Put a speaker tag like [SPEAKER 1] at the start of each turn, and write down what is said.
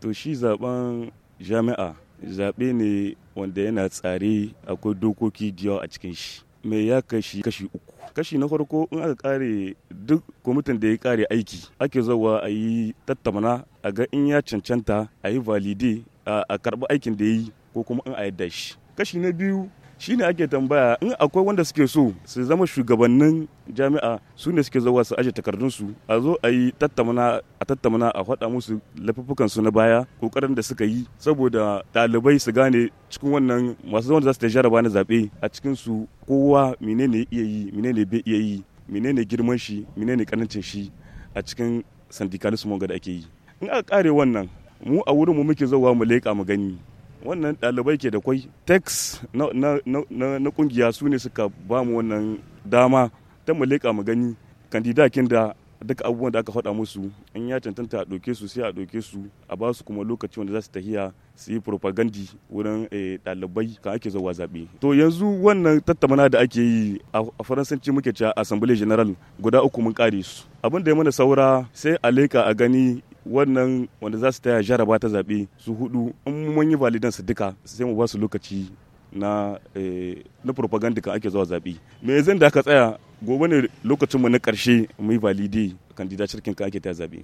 [SPEAKER 1] To shi zaben jami'a zaɓe ne wanda yana tsare akwai dokoki da yawa a cikin shi. Mai ya kashi kashi uku. Kashi na farko in aka kare duk kwamitin da ya kare aiki ake zawa a yi tattamana a ga in ya cancanta a yi valide a karɓi aikin da ya yi ko kuma in a yadda shi. Kashi na biyu shine ake tambaya in akwai wanda suke so su zama shugabannin jami'a su ne suke zuwa su aje takardunsu a zo a yi tattamana a tattamana a faɗa musu lafafukan su na baya kokarin da suka yi saboda ɗalibai su gane cikin wannan masu zaman da za su ta jaraba na zaɓe a cikin su kowa menene iya yi menene bai iya yi menene girman shi menene kanancin shi a cikin ga da ake yi in aka kare wannan mu a wurin mu muke zuwa mu leƙa mu gani wannan ɗalibai ke da kwai tax na kungiya su ne suka ba mu wannan dama ta mu leƙa mu gani kandidakin da duka abubuwan da aka faɗa musu in ya cancanta a ɗauke su sai a ɗauke su a ba su kuma lokaci wanda za su tahiya su yi propagandi wurin eh, ɗalibai kan ake zuwa zaɓe. To yanzu wannan tattamana da ake yi a faransanci muke cewa assemblée general guda uku mun kare su. Abin da ya mana saura sai a leƙa a gani wannan wanda za su taya jaraba ta zaɓe su hudu in mun yi validan su duka sai mu ba su lokaci na eh, na propaganda kan ake zuwa zaɓe me zan da ka tsaya gobe ne lokacin mu na ƙarshe mu yi valide kandidatar shirkin ka ake taya zaɓe